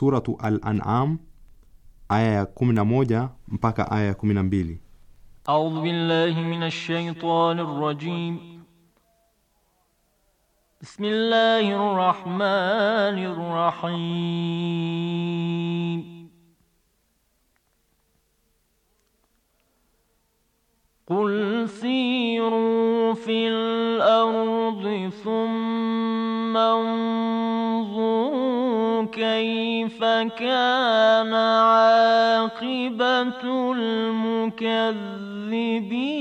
suratu al-an'am aya ya 11 mpaka aya ya 12 أعوذ بالله من الشيطان الرجيم بسم الله الرحمن الرحيم قل سيروا في الأرض ثم انظروا كيف فكان عاقبة المكذبين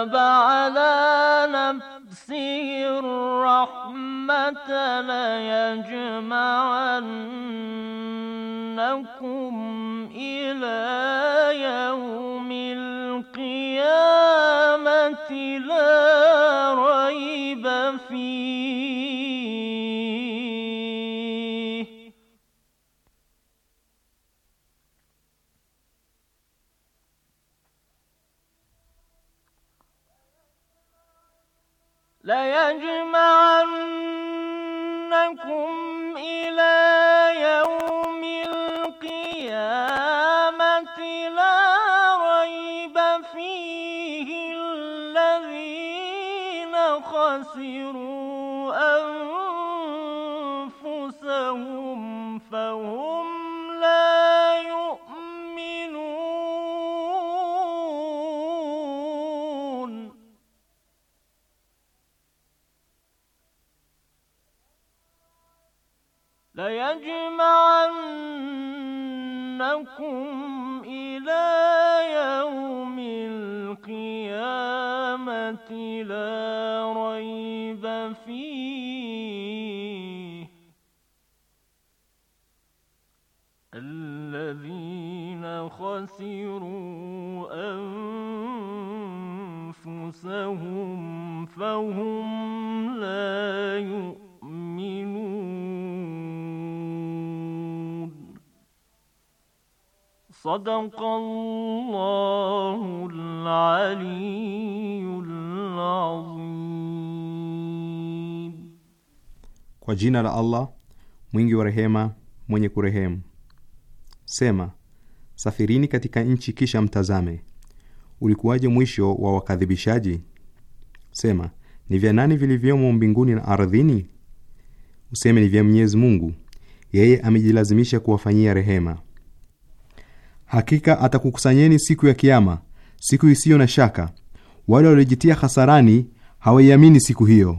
كتب على نفسه الرحمة ليجمعنكم إلى يوم القيامة لا خسروا أنفسهم فهم لا يؤمنون صدق الله العلي العظيم Kwa jina la Allah mwingi wa rehema mwenye kurehemu. Sema, safirini katika nchi kisha mtazame ulikuwaje mwisho wa wakadhibishaji sema ni vya nani vilivyomo mbinguni na ardhini useme ni vya mwenyezi mungu yeye amejilazimisha kuwafanyia rehema hakika atakukusanyeni siku ya kiama siku isiyo na shaka wale waliojitia hasarani hawaiamini siku hiyo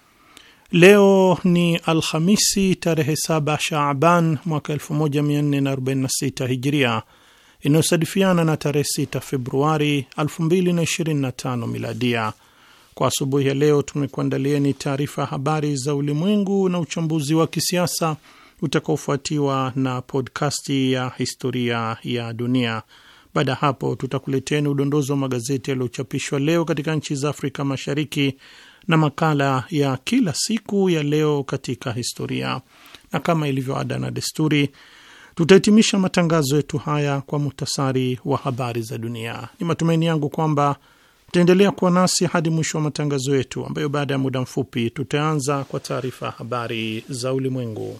Leo ni Alhamisi tarehe 7 Shaaban mwaka 1446 Hijria, inayosadifiana na tarehe 6 Februari 2025 Miladia. Kwa asubuhi ya leo tumekuandalieni taarifa habari za ulimwengu na uchambuzi wa kisiasa utakaofuatiwa na podkasti ya historia ya dunia. Baada ya hapo, tutakuleteni udondozi wa magazeti yaliyochapishwa leo katika nchi za Afrika Mashariki na makala ya kila siku ya leo katika historia, na kama ilivyo ada na desturi, tutahitimisha matangazo yetu haya kwa muhtasari wa habari za dunia. Ni matumaini yangu kwamba tutaendelea kuwa nasi hadi mwisho wa matangazo yetu, ambayo baada ya muda mfupi tutaanza kwa taarifa habari za ulimwengu.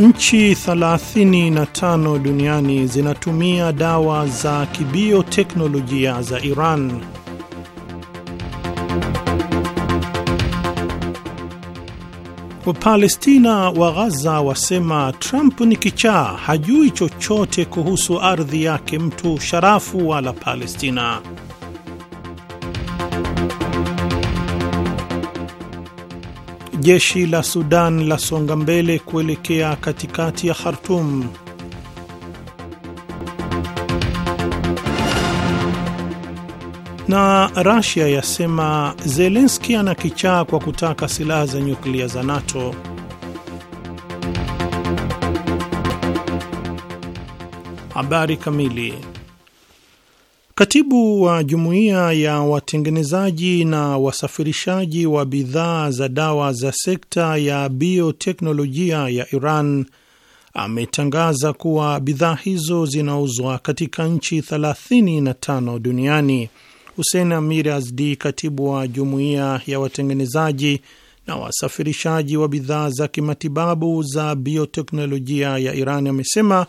Nchi 35 duniani zinatumia dawa za kibioteknolojia za Iran. Wapalestina wa Ghaza wasema Trump ni kichaa, hajui chochote kuhusu ardhi yake mtu sharafu wala Palestina. Jeshi la Sudan lasonga mbele kuelekea katikati ya khartum Na Rasia yasema zelenski ana kichaa kwa kutaka silaha za nyuklia za NATO. Habari kamili Katibu wa jumuiya ya watengenezaji na wasafirishaji wa bidhaa za dawa za sekta ya bioteknolojia ya Iran ametangaza kuwa bidhaa hizo zinauzwa katika nchi 35 duniani. Hussein Amir Azdi, katibu wa jumuiya ya watengenezaji na wasafirishaji wa bidhaa za kimatibabu za bioteknolojia ya Iran, amesema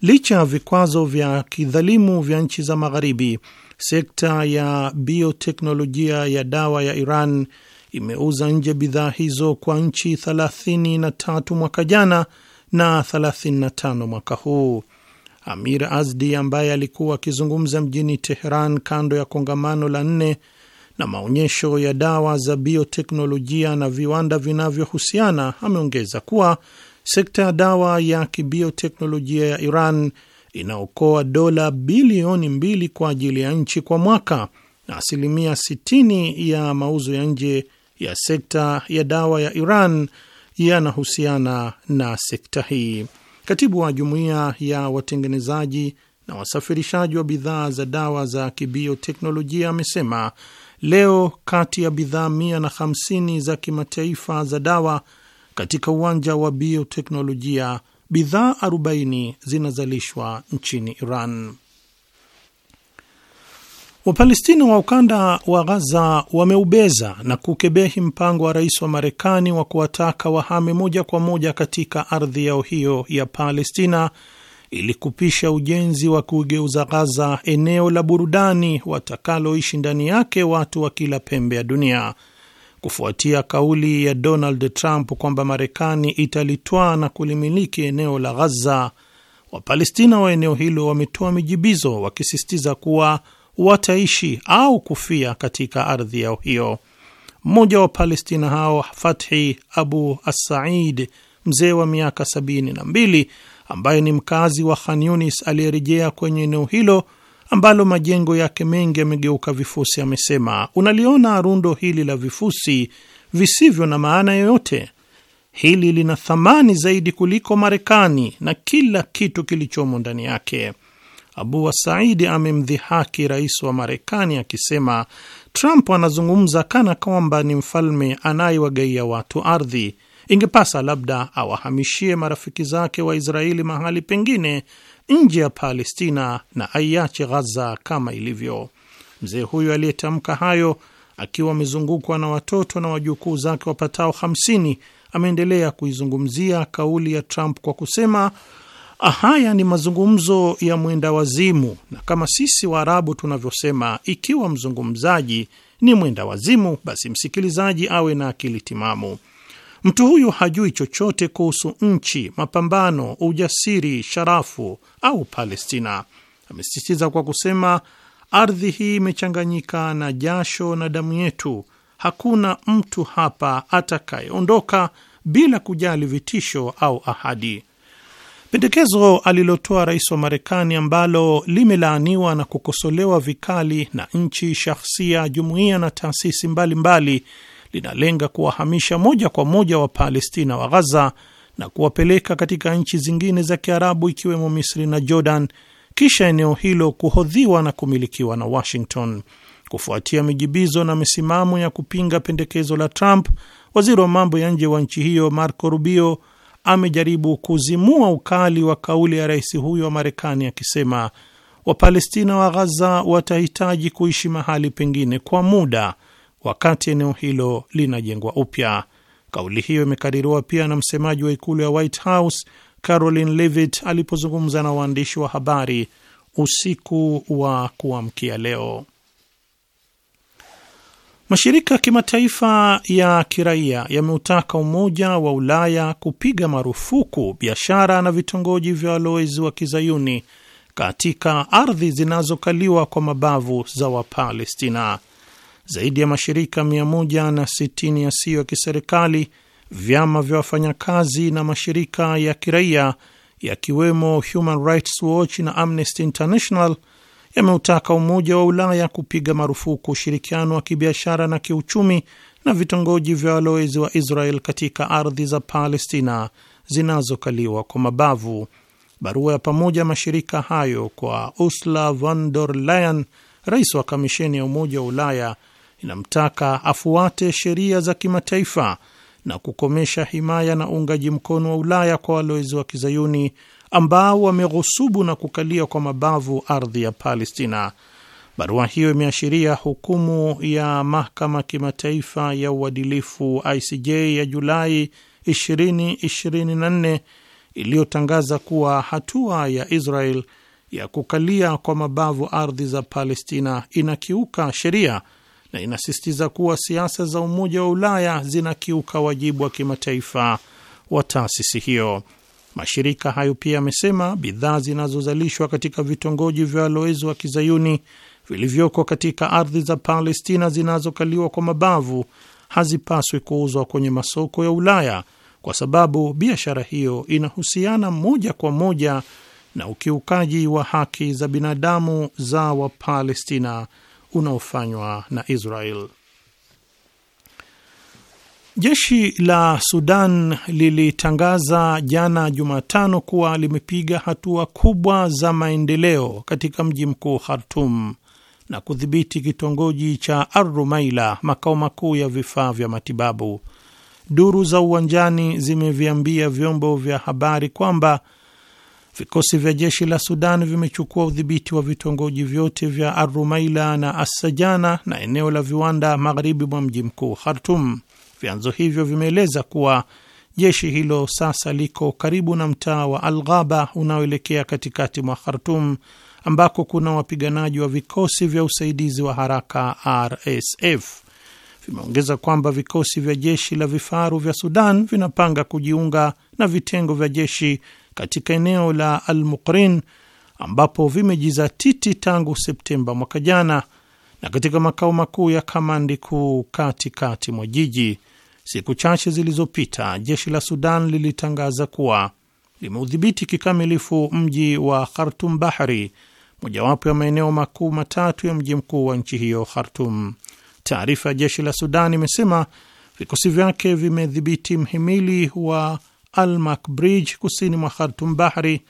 Licha ya vikwazo vya kidhalimu vya nchi za Magharibi, sekta ya bioteknolojia ya dawa ya Iran imeuza nje bidhaa hizo kwa nchi 33 mwaka jana na 35 mwaka huu. Amir Azdi ambaye alikuwa akizungumza mjini Teheran kando ya kongamano la nne na maonyesho ya dawa za bioteknolojia na viwanda vinavyohusiana ameongeza kuwa sekta ya dawa ya kibioteknolojia ya Iran inaokoa dola bilioni mbili kwa ajili ya nchi kwa mwaka na asilimia 60 ya mauzo ya nje ya sekta ya dawa ya Iran yanahusiana na sekta hii. Katibu wa jumuiya ya watengenezaji na wasafirishaji wa bidhaa za dawa za kibioteknolojia amesema leo, kati ya bidhaa 150 za kimataifa za dawa katika uwanja wa bioteknolojia bidhaa 40 zinazalishwa nchini Iran. Wapalestina wa ukanda wa Ghaza wameubeza na kukebehi mpango wa rais wa Marekani wa kuwataka wahame moja kwa moja katika ardhi yao hiyo ya Palestina ili kupisha ujenzi wa kugeuza Ghaza eneo la burudani watakaloishi ndani yake watu wa kila pembe ya dunia kufuatia kauli ya Donald Trump kwamba Marekani italitwaa na kulimiliki eneo la Ghaza, Wapalestina wa eneo hilo wametoa mijibizo wakisisitiza kuwa wataishi au kufia katika ardhi yao hiyo. Mmoja wa Wapalestina hao Fathi Abu Assaid, mzee wa miaka 72 ambaye ni mkazi wa Khan Yunis aliyerejea kwenye eneo hilo ambalo majengo yake mengi yamegeuka vifusi, amesema unaliona rundo hili la vifusi visivyo na maana yoyote, hili lina thamani zaidi kuliko Marekani na kila kitu kilichomo ndani yake. Abu Wasaidi amemdhihaki rais wa Marekani akisema Trump anazungumza kana kwamba ni mfalme anayewagaia watu ardhi. Ingepasa labda awahamishie marafiki zake wa Israeli mahali pengine nje ya Palestina na aiache Ghaza kama ilivyo. Mzee huyo aliyetamka hayo akiwa amezungukwa na watoto na wajukuu zake wapatao 50 ameendelea kuizungumzia kauli ya Trump kwa kusema ah, haya ni mazungumzo ya mwenda wazimu, na kama sisi Waarabu tunavyosema, ikiwa mzungumzaji ni mwenda wazimu, basi msikilizaji awe na akili timamu. Mtu huyu hajui chochote kuhusu nchi, mapambano, ujasiri, sharafu au Palestina. Amesisitiza kwa kusema, ardhi hii imechanganyika na jasho na damu yetu. Hakuna mtu hapa atakayeondoka bila kujali vitisho au ahadi. Pendekezo alilotoa rais wa Marekani ambalo limelaaniwa na kukosolewa vikali na nchi, shahsia, jumuiya na taasisi mbalimbali mbali, linalenga kuwahamisha moja kwa moja Wapalestina wa Ghaza na kuwapeleka katika nchi zingine za Kiarabu ikiwemo Misri na Jordan, kisha eneo hilo kuhodhiwa na kumilikiwa na Washington. Kufuatia mijibizo na misimamo ya kupinga pendekezo la Trump, waziri wa mambo ya nje wa nchi hiyo Marco Rubio amejaribu kuzimua ukali wa kauli ya rais huyo wa Marekani akisema Wapalestina wa Ghaza watahitaji kuishi mahali pengine kwa muda wakati eneo hilo linajengwa upya. Kauli hiyo imekaririwa pia na msemaji wa ikulu ya White House Caroline Levitt alipozungumza na waandishi wa habari usiku wa kuamkia leo. Mashirika ya kimataifa ya kiraia yameutaka Umoja wa Ulaya kupiga marufuku biashara na vitongoji vya walowezi wa kizayuni katika ardhi zinazokaliwa kwa mabavu za Wapalestina zaidi ya mashirika 160 yasiyo ya kiserikali, vyama vya wafanyakazi na mashirika ya kiraia yakiwemo Human Rights Watch na Amnesty International yameutaka Umoja wa Ulaya kupiga marufuku ushirikiano wa kibiashara na kiuchumi na vitongoji vya walowezi wa Israel katika ardhi za Palestina zinazokaliwa kwa mabavu. Barua ya pamoja mashirika hayo kwa Ursula von der Leyen, rais wa kamisheni ya Umoja wa Ulaya, inamtaka afuate sheria za kimataifa na kukomesha himaya na uungaji mkono wa Ulaya kwa walowezi wa kizayuni ambao wameghusubu na kukalia kwa mabavu ardhi ya Palestina. Barua hiyo imeashiria hukumu ya mahakama kimataifa ya uadilifu ICJ ya Julai 2024 iliyotangaza kuwa hatua ya Israel ya kukalia kwa mabavu ardhi za Palestina inakiuka sheria na inasisitiza kuwa siasa za Umoja wa Ulaya zinakiuka wajibu wa kimataifa wa taasisi hiyo. Mashirika hayo pia yamesema bidhaa zinazozalishwa katika vitongoji vya walowezi wa kizayuni vilivyoko katika ardhi za Palestina zinazokaliwa kwa mabavu hazipaswi kuuzwa kwenye masoko ya Ulaya kwa sababu biashara hiyo inahusiana moja kwa moja na ukiukaji wa haki za binadamu za Wapalestina unaofanywa na Israel. Jeshi la Sudan lilitangaza jana Jumatano kuwa limepiga hatua kubwa za maendeleo katika mji mkuu Khartum na kudhibiti kitongoji cha Arrumaila, makao makuu ya vifaa vya matibabu. Duru za uwanjani zimeviambia vyombo vya habari kwamba Vikosi vya jeshi la Sudan vimechukua udhibiti wa vitongoji vyote vya Arumaila na Assajana na eneo la viwanda magharibi mwa mji mkuu Khartum. Vyanzo hivyo vimeeleza kuwa jeshi hilo sasa liko karibu na mtaa wa Al Ghaba unaoelekea katikati mwa Khartum, ambako kuna wapiganaji wa vikosi vya usaidizi wa haraka RSF. Vimeongeza kwamba vikosi vya jeshi la vifaru vya Sudan vinapanga kujiunga na vitengo vya jeshi katika eneo la Al-Muqrin ambapo vimejizatiti tangu Septemba mwaka jana na katika makao makuu ya kamandi kuu katikati mwa jiji. Siku chache zilizopita, jeshi la Sudan lilitangaza kuwa limeudhibiti kikamilifu mji wa Khartum Bahari, mojawapo ya maeneo makuu matatu ya mji mkuu wa nchi hiyo Khartum. Taarifa ya jeshi la Sudan imesema vikosi vyake vimedhibiti mhimili wa Almak Bridge kusini mwa Khartum Bahri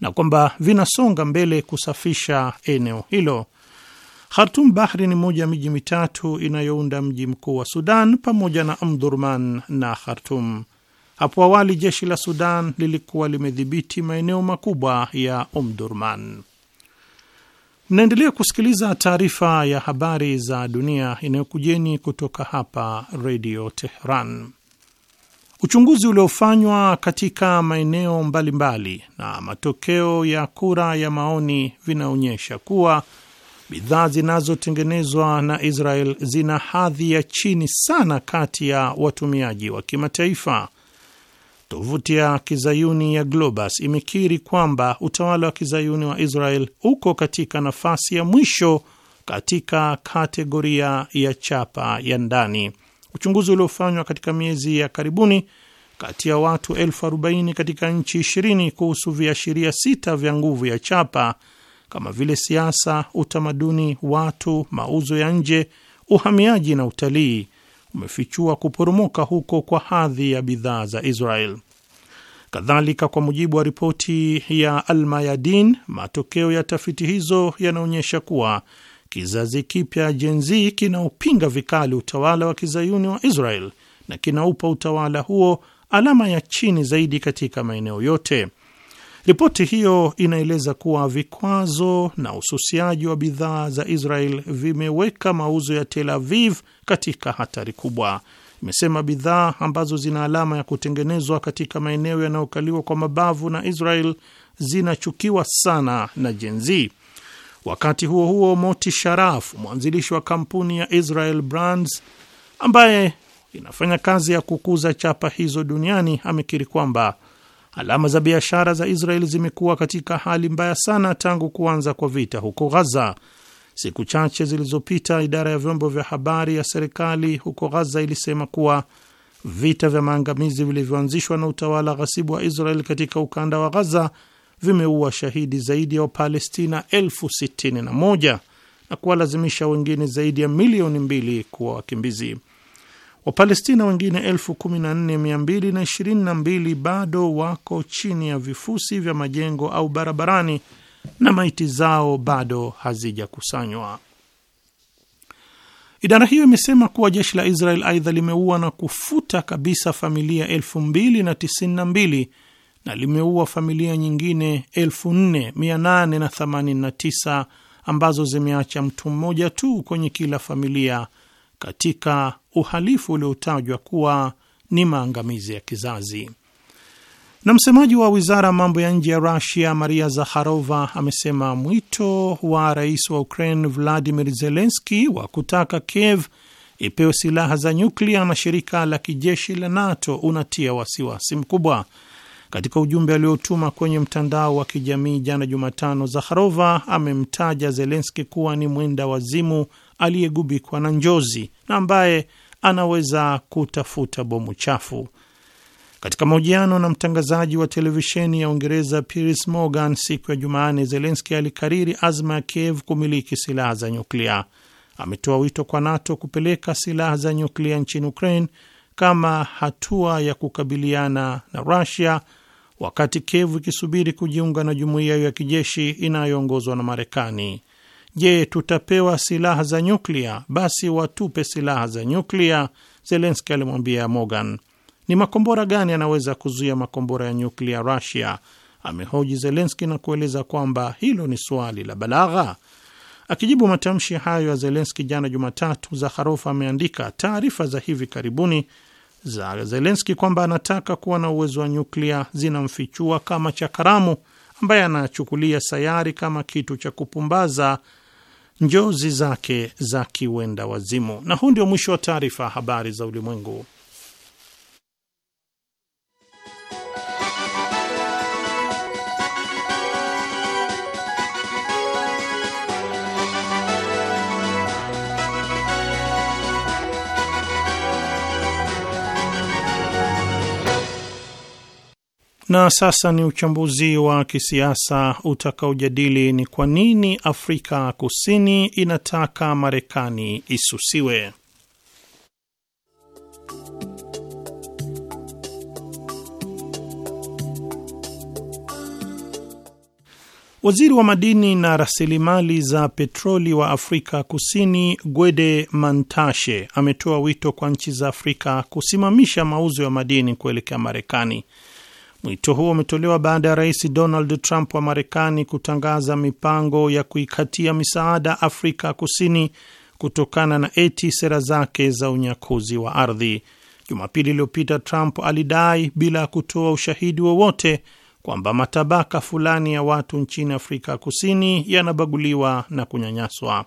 na kwamba vinasonga mbele kusafisha eneo hilo. Khartum Bahri ni moja ya miji mitatu inayounda mji mkuu wa Sudan pamoja na Omdurman na Khartum. Hapo awali jeshi la Sudan lilikuwa limedhibiti maeneo makubwa ya Omdurman. Mnaendelea kusikiliza taarifa ya habari za dunia inayokujeni kutoka hapa Redio Tehran. Uchunguzi uliofanywa katika maeneo mbalimbali na matokeo ya kura ya maoni vinaonyesha kuwa bidhaa zinazotengenezwa na Israel zina hadhi ya chini sana kati ya watumiaji wa kimataifa. Tovuti ya kizayuni ya Globus imekiri kwamba utawala wa kizayuni wa Israel uko katika nafasi ya mwisho katika kategoria ya chapa ya ndani. Uchunguzi uliofanywa katika miezi ya karibuni kati ya watu elfu arobaini katika nchi ishirini kuhusu viashiria sita vya nguvu ya chapa kama vile siasa, utamaduni, watu, mauzo ya nje, uhamiaji na utalii umefichua kuporomoka huko kwa hadhi ya bidhaa za Israel. Kadhalika, kwa mujibu wa ripoti ya Almayadin, matokeo ya tafiti hizo yanaonyesha kuwa Kizazi kipya Gen Z kinaopinga vikali utawala wa kizayuni wa Israel na kinaupa utawala huo alama ya chini zaidi katika maeneo yote. Ripoti hiyo inaeleza kuwa vikwazo na ususiaji wa bidhaa za Israel vimeweka mauzo ya Tel Aviv katika hatari kubwa. Imesema bidhaa ambazo zina alama ya kutengenezwa katika maeneo yanayokaliwa kwa mabavu na Israel zinachukiwa sana na Gen Z. Wakati huo huo, Moti Sharaf, mwanzilishi wa kampuni ya Israel Brands ambaye inafanya kazi ya kukuza chapa hizo duniani, amekiri kwamba alama za biashara za Israel zimekuwa katika hali mbaya sana tangu kuanza kwa vita huko Ghaza. Siku chache zilizopita, idara ya vyombo vya habari ya serikali huko Ghaza ilisema kuwa vita vya maangamizi vilivyoanzishwa na utawala ghasibu wa Israel katika ukanda wa Ghaza vimeua shahidi zaidi ya Wapalestina elfu sitini na moja na kuwalazimisha wengine zaidi ya milioni mbili kuwa wakimbizi. Wapalestina wengine elfu kumi na nne mia mbili na ishirini na mbili bado wako chini ya vifusi vya majengo au barabarani na maiti zao bado hazijakusanywa. Idara hiyo imesema kuwa jeshi la Israel aidha limeua na kufuta kabisa familia elfu mbili na tisini na mbili na limeua familia nyingine 4889 ambazo zimeacha mtu mmoja tu kwenye kila familia katika uhalifu uliotajwa kuwa ni maangamizi ya kizazi. Na msemaji wa wizara ya mambo ya nje ya Rusia, Maria Zaharova, amesema mwito wa rais wa Ukraine Vladimir Zelenski wa kutaka Kiev ipewe silaha za nyuklia na shirika la kijeshi la NATO unatia wasiwasi mkubwa. Katika ujumbe aliotuma kwenye mtandao wa kijamii jana Jumatano, Zakharova amemtaja Zelenski kuwa ni mwenda wazimu aliyegubikwa na njozi na ambaye anaweza kutafuta bomu chafu. Katika mahojiano na mtangazaji wa televisheni ya Uingereza Piers Morgan siku ya Jumanne, Zelenski alikariri azma ya Kiev kumiliki silaha za nyuklia. Ametoa wito kwa NATO kupeleka silaha za nyuklia nchini Ukraine kama hatua ya kukabiliana na Rusia wakati Kievu ikisubiri kujiunga na jumuiya ya kijeshi inayoongozwa na Marekani. Je, tutapewa silaha za nyuklia? Basi watupe silaha za nyuklia, Zelenski alimwambia Morgan. Ni makombora gani yanaweza kuzuia makombora ya nyuklia Rusia? amehoji Zelenski na kueleza kwamba hilo ni suali la balagha. Akijibu matamshi hayo ya Zelenski jana Jumatatu, Zakharov ameandika taarifa za hivi karibuni za Zelenski kwamba anataka kuwa na uwezo wa nyuklia zinamfichua kama chakaramu ambaye anachukulia sayari kama kitu cha kupumbaza njozi zake za kiwenda wazimu. Na huu ndio mwisho wa taarifa ya habari za ulimwengu. Na sasa ni uchambuzi wa kisiasa utakaojadili ni kwa nini Afrika Kusini inataka Marekani isusiwe. Waziri wa madini na rasilimali za petroli wa Afrika Kusini Gwede Mantashe ametoa wito kwa nchi za Afrika kusimamisha mauzo ya madini kuelekea Marekani Mwito huo umetolewa baada ya rais Donald Trump wa Marekani kutangaza mipango ya kuikatia misaada Afrika Kusini kutokana na eti sera zake za unyakuzi wa ardhi. Jumapili iliyopita, Trump alidai bila ya kutoa ushahidi wowote kwamba matabaka fulani ya watu nchini Afrika Kusini yanabaguliwa na kunyanyaswa.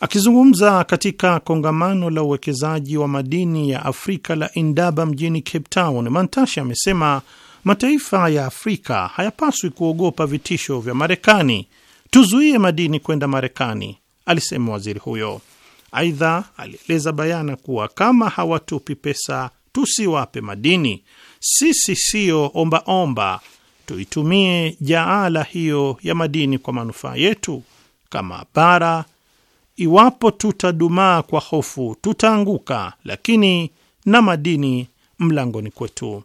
Akizungumza katika kongamano la uwekezaji wa madini ya Afrika la Indaba mjini Cape Town, Mantashe amesema mataifa ya Afrika hayapaswi kuogopa vitisho vya Marekani. Tuzuie madini kwenda Marekani, alisema waziri huyo. Aidha, alieleza bayana kuwa kama hawatupi pesa tusiwape madini. Sisi siyo ombaomba, tuitumie jaala hiyo ya madini kwa manufaa yetu kama bara. Iwapo tutadumaa kwa hofu, tutaanguka, lakini na madini mlangoni kwetu.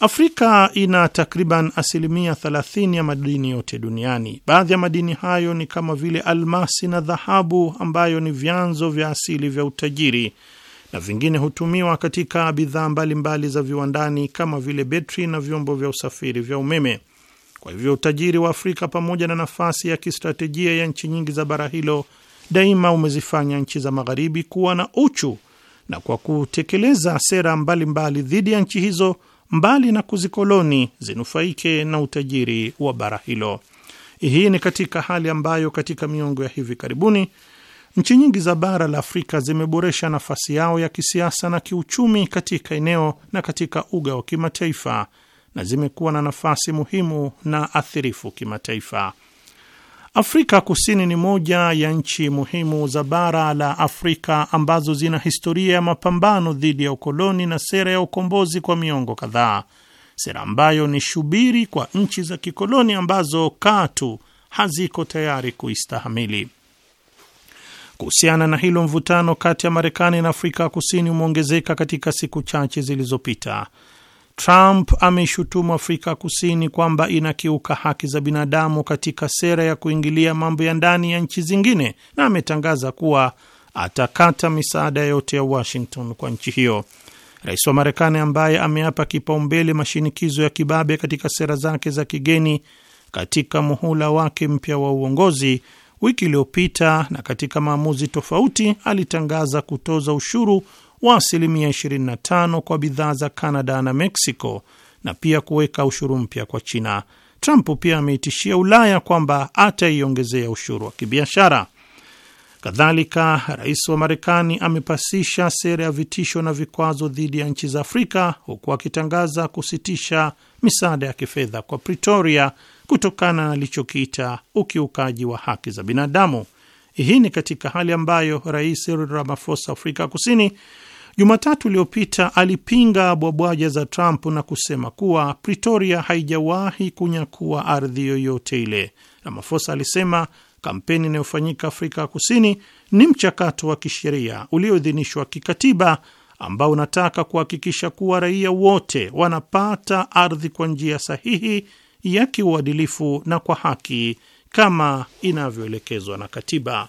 Afrika ina takriban asilimia 30 ya madini yote duniani. Baadhi ya madini hayo ni kama vile almasi na dhahabu, ambayo ni vyanzo vya asili vya utajiri, na vingine hutumiwa katika bidhaa mbalimbali za viwandani kama vile betri na vyombo vya usafiri vya umeme. Kwa hivyo utajiri wa Afrika pamoja na nafasi ya kistratejia ya nchi nyingi za bara hilo daima umezifanya nchi za magharibi kuwa na uchu, na kwa kutekeleza sera mbalimbali dhidi ya nchi hizo mbali na kuzikoloni zinufaike na utajiri wa bara hilo. Hii ni katika hali ambayo katika miongo ya hivi karibuni nchi nyingi za bara la Afrika zimeboresha nafasi yao ya kisiasa na kiuchumi katika eneo na katika uga wa kimataifa na zimekuwa na nafasi muhimu na athirifu kimataifa. Afrika Kusini ni moja ya nchi muhimu za bara la Afrika ambazo zina historia ya mapambano dhidi ya ukoloni na sera ya ukombozi kwa miongo kadhaa, sera ambayo ni shubiri kwa nchi za kikoloni ambazo katu haziko tayari kuistahamili. Kuhusiana na hilo, mvutano kati ya Marekani na Afrika Kusini umeongezeka katika siku chache zilizopita Trump ameshutumu Afrika Kusini kwamba inakiuka haki za binadamu katika sera ya kuingilia mambo ya ndani ya nchi zingine na ametangaza kuwa atakata misaada yote ya Washington kwa nchi hiyo. Rais wa Marekani ambaye ameapa kipaumbele mashinikizo ya kibabe katika sera zake za kigeni katika muhula wake mpya wa uongozi wiki iliyopita, na katika maamuzi tofauti alitangaza kutoza ushuru wa asilimia 25 kwa bidhaa za Canada na Mexico na pia kuweka ushuru mpya kwa China. Trump pia ameitishia Ulaya kwamba ataiongezea ushuru wa kibiashara. Kadhalika, rais wa Marekani amepasisha sera ya vitisho na vikwazo dhidi ya nchi za Afrika huku akitangaza kusitisha misaada ya kifedha kwa Pretoria kutokana na alichokiita ukiukaji wa haki za binadamu. Hii ni katika hali ambayo rais Cyril Ramaphosa Afrika Kusini Jumatatu iliyopita alipinga bwabwaja za Trump na kusema kuwa Pretoria haijawahi kunyakua ardhi yoyote ile. Ramaphosa alisema kampeni inayofanyika Afrika ya Kusini ni mchakato wa kisheria ulioidhinishwa kikatiba ambao unataka kuhakikisha kuwa raia wote wanapata ardhi kwa njia sahihi ya kiuadilifu na kwa haki kama inavyoelekezwa na katiba.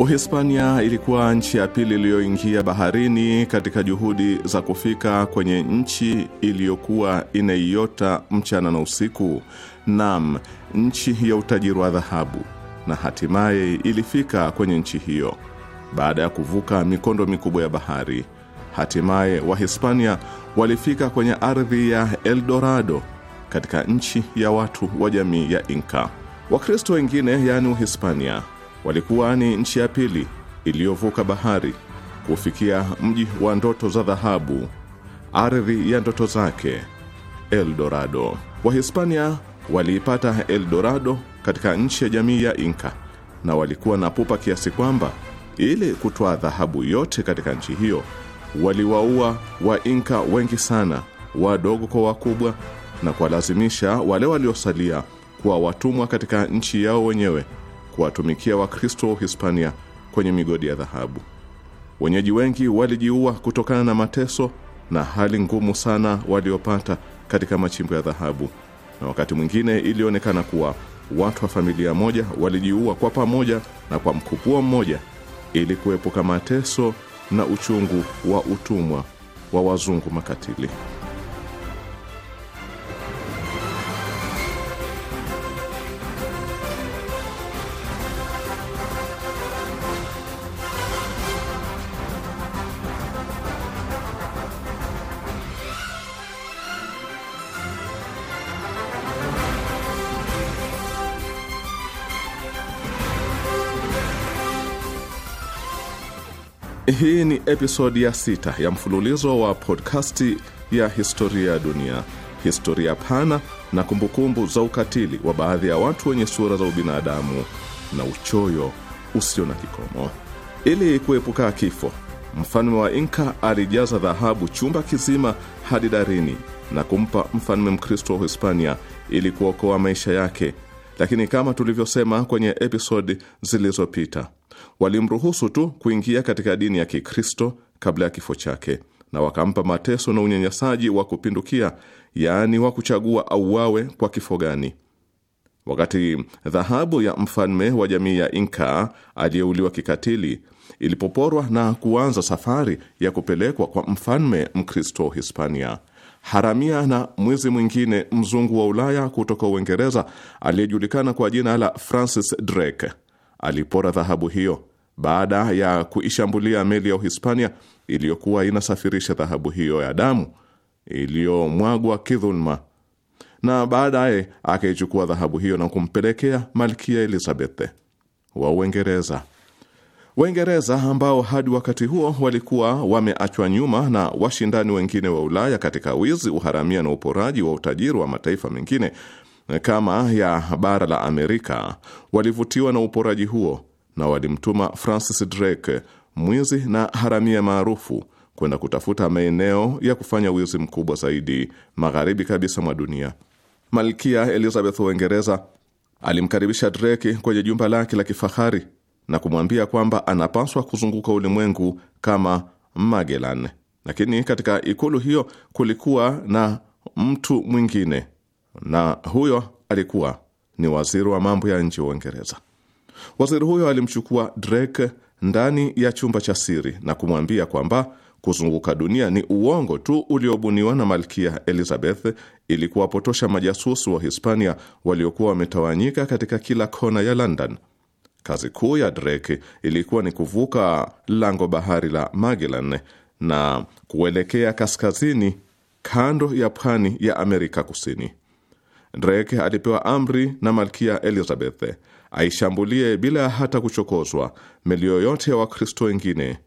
Uhispania ilikuwa nchi ya pili iliyoingia baharini katika juhudi za kufika kwenye nchi iliyokuwa inaiota mchana na usiku, nam nchi ya utajiri wa dhahabu, na hatimaye ilifika kwenye nchi hiyo baada ya kuvuka mikondo mikubwa ya bahari. Hatimaye Wahispania walifika kwenye ardhi ya Eldorado katika nchi ya watu wa jamii ya Inka. Wakristo wengine yaani Uhispania walikuwa ni nchi ya pili iliyovuka bahari kufikia mji wa ndoto za dhahabu, ardhi ya ndoto zake, Eldorado. Wahispania waliipata Eldorado katika nchi ya jamii ya Inka, na walikuwa na pupa kiasi kwamba ili kutoa dhahabu yote katika nchi hiyo waliwaua wa inka wengi sana, wadogo kwa wakubwa, na kuwalazimisha wale waliosalia kuwa watumwa katika nchi yao wenyewe kuwatumikia Wakristo wa Uhispania kwenye migodi ya dhahabu. Wenyeji wengi walijiua kutokana na mateso na hali ngumu sana waliopata katika machimbo ya dhahabu, na wakati mwingine ilionekana kuwa watu wa familia moja walijiua kwa pamoja na kwa mkupuo mmoja ili kuepuka mateso na uchungu wa utumwa wa wazungu makatili. Hii ni episodi ya sita ya mfululizo wa podkasti ya historia ya dunia, historia pana na kumbukumbu za ukatili wa baadhi ya watu wenye sura za ubinadamu na uchoyo usio na kikomo. Ili kuepuka kifo, mfalme wa Inka alijaza dhahabu chumba kizima hadi darini na kumpa mfalme Mkristo wa Hispania ili kuokoa maisha yake. Lakini kama tulivyosema kwenye episodi zilizopita walimruhusu tu kuingia katika dini ya Kikristo kabla ya kifo chake na wakampa mateso na unyanyasaji wa kupindukia, yaani wa kuchagua auawe kwa kifo gani. Wakati dhahabu ya mfalme wa jamii ya Inka aliyeuliwa kikatili ilipoporwa na kuanza safari ya kupelekwa kwa mfalme Mkristo Hispania, haramia na mwizi mwingine mzungu wa Ulaya kutoka Uingereza aliyejulikana kwa jina la Francis Drake alipora dhahabu hiyo baada ya kuishambulia meli ya Uhispania iliyokuwa inasafirisha dhahabu hiyo ya damu iliyomwagwa kidhuluma, na baadaye akaichukua dhahabu hiyo na kumpelekea Malkia Elizabeth wa Uingereza. Waingereza ambao hadi wakati huo walikuwa wameachwa nyuma na washindani wengine wa Ulaya katika wizi, uharamia na uporaji wa utajiri wa mataifa mengine, kama ya bara la Amerika walivutiwa na uporaji huo na walimtuma Francis Drake, mwizi na haramia maarufu, kwenda kutafuta maeneo ya kufanya wizi mkubwa zaidi magharibi kabisa mwa dunia. Malkia Elizabeth wa Uingereza alimkaribisha Drake kwenye jumba lake la kifahari na kumwambia kwamba anapaswa kuzunguka ulimwengu kama Magellan, lakini katika ikulu hiyo kulikuwa na mtu mwingine na huyo alikuwa ni waziri wa mambo ya nje wa Uingereza. Waziri huyo alimchukua Drake ndani ya chumba cha siri na kumwambia kwamba kuzunguka dunia ni uongo tu uliobuniwa na Malkia Elizabeth ili kuwapotosha majasusi wa Hispania waliokuwa wametawanyika katika kila kona ya London. Kazi kuu ya Drake ilikuwa ni kuvuka lango bahari la Magellan na kuelekea kaskazini kando ya pwani ya Amerika Kusini. Drake alipewa amri na malkia Elizabeth aishambulie bila ya hata kuchokozwa meli yoyote ya Wakristo wengine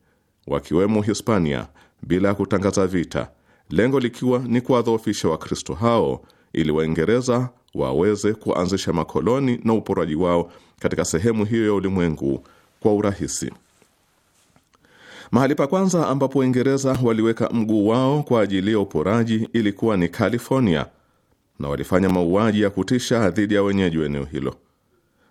wakiwemo Hispania bila ya kutangaza vita, lengo likiwa ni kuwadhoofisha Wakristo hao ili Waingereza waweze kuanzisha makoloni na uporaji wao katika sehemu hiyo ya ulimwengu kwa urahisi. Mahali pa kwanza ambapo Waingereza waliweka mguu wao kwa ajili ya uporaji ilikuwa ni California na walifanya mauaji ya kutisha dhidi ya wenyeji wa eneo hilo.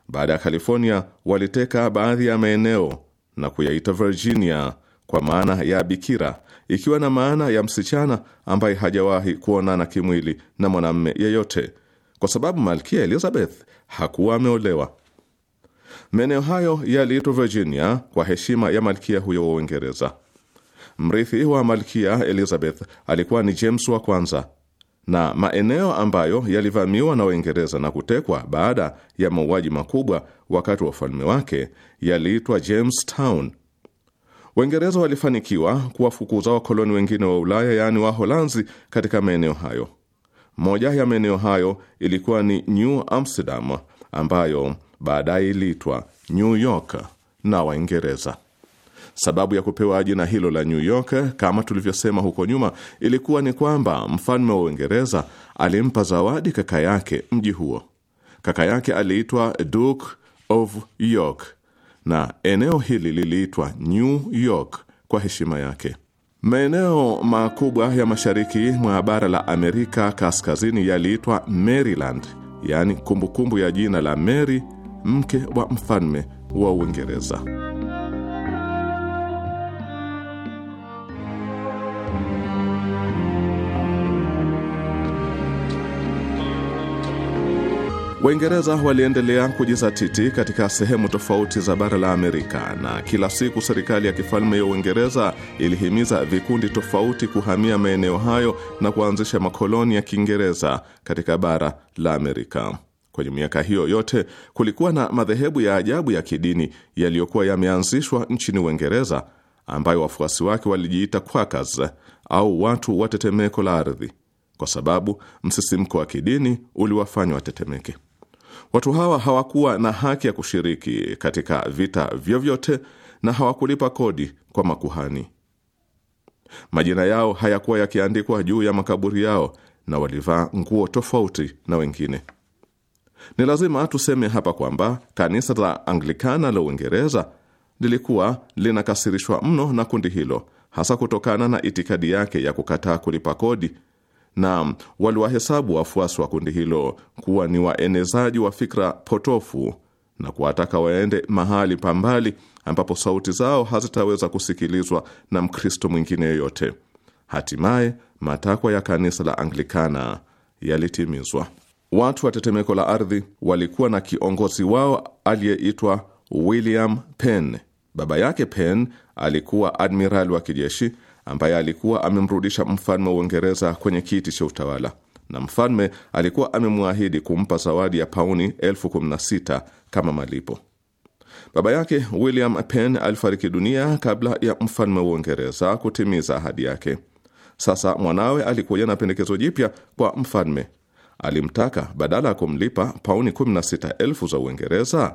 Baada ya California, waliteka baadhi ya maeneo na kuyaita Virginia kwa maana ya bikira, ikiwa na maana ya msichana ambaye hajawahi kuonana kimwili na mwanamume yeyote, kwa sababu Malkia Elizabeth hakuwa ameolewa. Maeneo hayo yaliitwa Virginia kwa heshima ya malkia huyo wa Uingereza. Mrithi wa malkia Elizabeth alikuwa ni James wa kwanza na maeneo ambayo yalivamiwa na Waingereza na kutekwa baada ya mauaji makubwa wakati wa ufalme wake yaliitwa Jamestown. Waingereza walifanikiwa kuwafukuza wakoloni wengine wa Ulaya, yaani Waholanzi, katika maeneo hayo. Moja ya maeneo hayo ilikuwa ni New Amsterdam ambayo baadaye iliitwa New York na Waingereza. Sababu ya kupewa jina hilo la New York, kama tulivyosema huko nyuma, ilikuwa ni kwamba mfalme wa Uingereza alimpa zawadi kaka yake mji huo. Kaka yake aliitwa Duke of York na eneo hili liliitwa New York kwa heshima yake. Maeneo makubwa ya mashariki mwa bara la Amerika kaskazini yaliitwa Maryland, yaani kumbukumbu ya jina la Mary, mke wa mfalme wa Uingereza. Waingereza waliendelea kujizatiti katika sehemu tofauti za bara la Amerika, na kila siku serikali ya kifalme ya Uingereza ilihimiza vikundi tofauti kuhamia maeneo hayo na kuanzisha makoloni ya Kiingereza katika bara la Amerika. Kwenye miaka hiyo yote kulikuwa na madhehebu ya ajabu ya kidini yaliyokuwa yameanzishwa nchini Uingereza, ambayo wafuasi wake walijiita Quakers au watu wa tetemeko la ardhi, kwa sababu msisimko wa kidini uliwafanywa watetemeke. Watu hawa hawakuwa na haki ya kushiriki katika vita vyovyote na hawakulipa kodi kwa makuhani. Majina yao hayakuwa yakiandikwa juu ya makaburi yao na walivaa nguo tofauti na wengine. Ni lazima tuseme hapa kwamba kanisa la Anglikana la Uingereza lilikuwa linakasirishwa mno na kundi hilo, hasa kutokana na itikadi yake ya kukataa kulipa kodi na waliwahesabu wafuasi wa kundi hilo kuwa ni waenezaji wa fikra potofu na kuwataka waende mahali pambali ambapo sauti zao hazitaweza kusikilizwa na Mkristo mwingine yoyote. Hatimaye matakwa ya kanisa la Anglikana yalitimizwa. Watu wa tetemeko la ardhi walikuwa na kiongozi wao aliyeitwa William Penn. Baba yake Penn alikuwa admirali wa kijeshi ambaye alikuwa amemrudisha mfalme wa Uingereza kwenye kiti cha utawala, na mfalme alikuwa amemwahidi kumpa zawadi ya pauni elfu kumi na sita kama malipo. Baba yake William Penn alifariki dunia kabla ya mfalme wa Uingereza kutimiza ahadi yake. Sasa mwanawe alikuja na pendekezo jipya kwa mfalme. Alimtaka badala ya kumlipa pauni 16,000 za Uingereza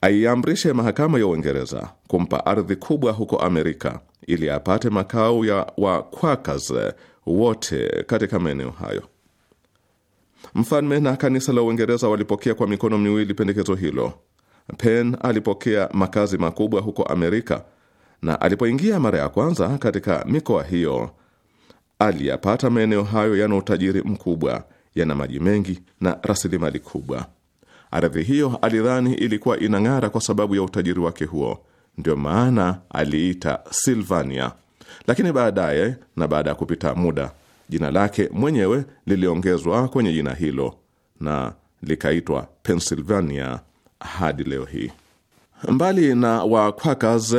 aiamrishe mahakama ya Uingereza kumpa ardhi kubwa huko Amerika ili apate makao ya Wakwakas wote katika maeneo hayo. Mfalme na kanisa la Uingereza walipokea kwa mikono miwili pendekezo hilo. Penn alipokea makazi makubwa huko Amerika, na alipoingia mara ya kwanza katika mikoa hiyo aliyapata maeneo hayo yana utajiri mkubwa, yana maji mengi na rasilimali kubwa. Ardhi hiyo alidhani ilikuwa inang'ara kwa sababu ya utajiri wake huo, ndio maana aliita Silvania, lakini baadaye na baada ya kupita muda jina lake mwenyewe liliongezwa kwenye jina hilo na likaitwa Pennsylvania hadi leo hii. Mbali na Wakwakas,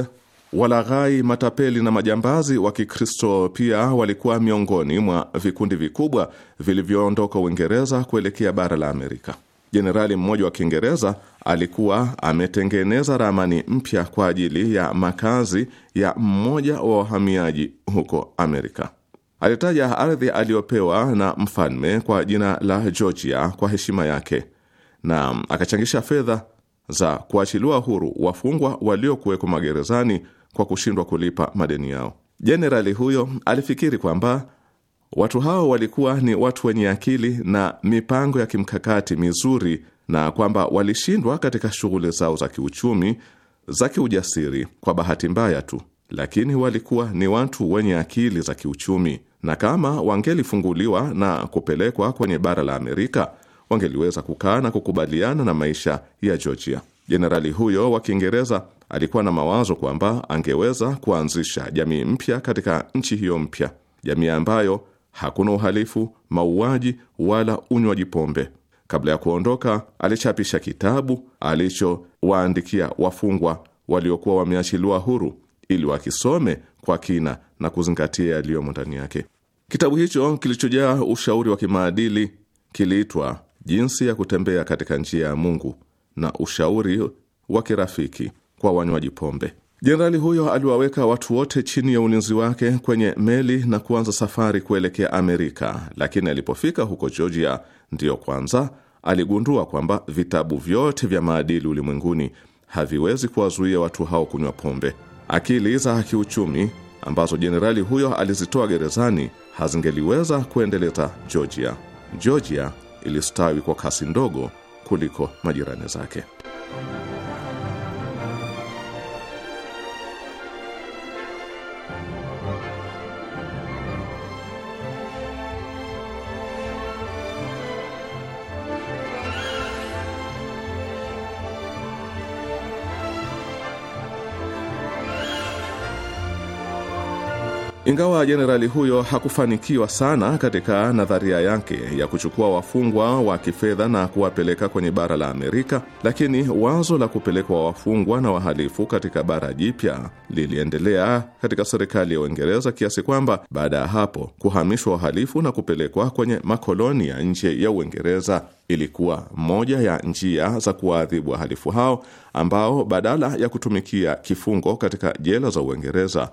walaghai, matapeli na majambazi wa Kikristo pia walikuwa miongoni mwa vikundi vikubwa vilivyoondoka Uingereza kuelekea bara la Amerika jenerali mmoja wa Kiingereza alikuwa ametengeneza ramani mpya kwa ajili ya makazi ya mmoja wa wahamiaji huko Amerika. Alitaja ardhi aliyopewa na mfalme kwa jina la Georgia kwa heshima yake, na akachangisha fedha za kuachiliwa huru wafungwa waliokuwekwa magerezani kwa kushindwa kulipa madeni yao. Jenerali huyo alifikiri kwamba Watu hao walikuwa ni watu wenye akili na mipango ya kimkakati mizuri, na kwamba walishindwa katika shughuli zao za kiuchumi za kiujasiri kwa bahati mbaya tu, lakini walikuwa ni watu wenye akili za kiuchumi, na kama wangelifunguliwa na kupelekwa kwenye bara la Amerika wangeliweza kukaa na kukubaliana na maisha ya Georgia. Jenerali huyo wa Kiingereza alikuwa na mawazo kwamba angeweza kuanzisha jamii mpya katika nchi hiyo mpya, jamii ambayo hakuna uhalifu, mauaji wala unywaji pombe. Kabla ya kuondoka, alichapisha kitabu alichowaandikia wafungwa waliokuwa wameachiliwa huru ili wakisome kwa kina na kuzingatia yaliyomo ndani yake. Kitabu hicho kilichojaa ushauri wa kimaadili kiliitwa Jinsi ya Kutembea katika Njia ya Mungu na Ushauri wa Kirafiki kwa Wanywaji Pombe. Jenerali huyo aliwaweka watu wote chini ya ulinzi wake kwenye meli na kuanza safari kuelekea Amerika, lakini alipofika huko Georgia ndiyo kwanza aligundua kwamba vitabu vyote vya maadili ulimwenguni haviwezi kuwazuia watu hao kunywa pombe. Akili za kiuchumi ambazo jenerali huyo alizitoa gerezani hazingeliweza kuendeleza Georgia. Georgia ilistawi kwa kasi ndogo kuliko majirani zake. Ingawa jenerali huyo hakufanikiwa sana katika nadharia yake ya kuchukua wafungwa wa kifedha na kuwapeleka kwenye bara la Amerika, lakini wazo la kupelekwa wafungwa na wahalifu katika bara jipya liliendelea katika serikali ya Uingereza kiasi kwamba baada ya hapo kuhamishwa wahalifu na kupelekwa kwenye makoloni ya nje ya Uingereza ilikuwa moja ya njia za kuwaadhibu wahalifu hao ambao badala ya kutumikia kifungo katika jela za Uingereza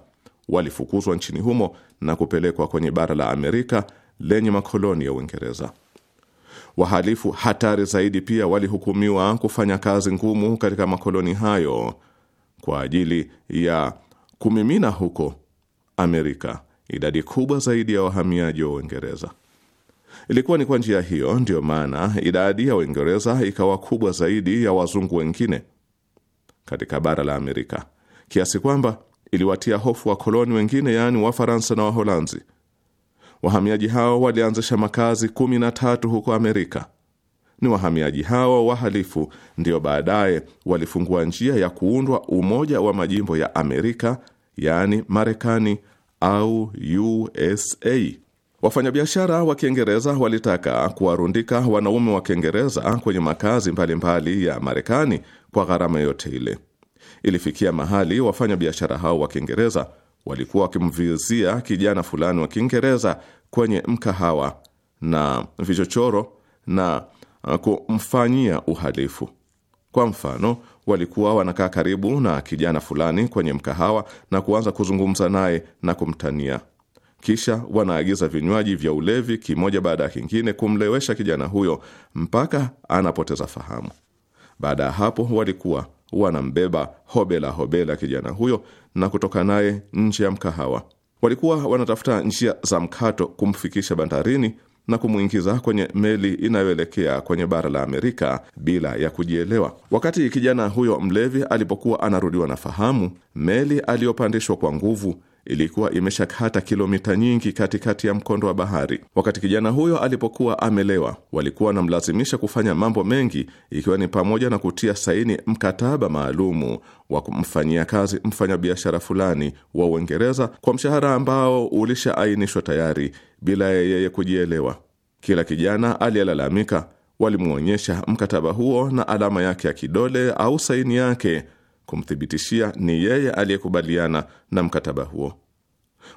walifukuzwa nchini humo na kupelekwa kwenye bara la Amerika lenye makoloni ya Uingereza. Wahalifu hatari zaidi pia walihukumiwa kufanya kazi ngumu katika makoloni hayo kwa ajili ya kumimina huko Amerika idadi kubwa zaidi ya wahamiaji wa Uingereza. Ilikuwa ni kwa njia hiyo ndiyo maana idadi ya Uingereza ikawa kubwa zaidi ya wazungu wengine katika bara la Amerika, kiasi kwamba iliwatia hofu wakoloni wengine, yaani Wafaransa na Waholanzi. Wahamiaji hao walianzisha makazi kumi na tatu huko Amerika. Ni wahamiaji hao wahalifu ndio baadaye walifungua njia ya kuundwa umoja wa majimbo ya Amerika, yaani Marekani au USA. Wafanyabiashara wa Kiingereza walitaka kuwarundika wanaume wa Kiingereza kwenye makazi mbalimbali mbali ya Marekani kwa gharama yote ile ilifikia mahali wafanya biashara hao wa Kiingereza walikuwa wakimvizia kijana fulani wa Kiingereza kwenye mkahawa na vichochoro na uh, kumfanyia uhalifu. Kwa mfano, walikuwa wanakaa karibu na kijana fulani kwenye mkahawa na kuanza kuzungumza naye na kumtania, kisha wanaagiza vinywaji vya ulevi kimoja baada ya kingine kumlewesha kijana huyo mpaka anapoteza fahamu. Baada ya hapo, walikuwa wanambeba hobela hobela kijana huyo na kutoka naye nje ya mkahawa. Walikuwa wanatafuta njia za mkato kumfikisha bandarini na kumwingiza kwenye meli inayoelekea kwenye bara la Amerika bila ya kujielewa. Wakati kijana huyo mlevi alipokuwa anarudiwa na fahamu, meli aliyopandishwa kwa nguvu ilikuwa imeshakata kilomita nyingi katikati ya mkondo wa bahari. Wakati kijana huyo alipokuwa amelewa, walikuwa wanamlazimisha kufanya mambo mengi, ikiwa ni pamoja na kutia saini mkataba maalumu wa kumfanyia kazi mfanyabiashara fulani wa Uingereza kwa mshahara ambao ulishaainishwa tayari bila yeye kujielewa. Kila kijana aliyelalamika walimwonyesha mkataba huo na alama yake ya kidole au saini yake kumthibitishia ni yeye aliyekubaliana na mkataba huo.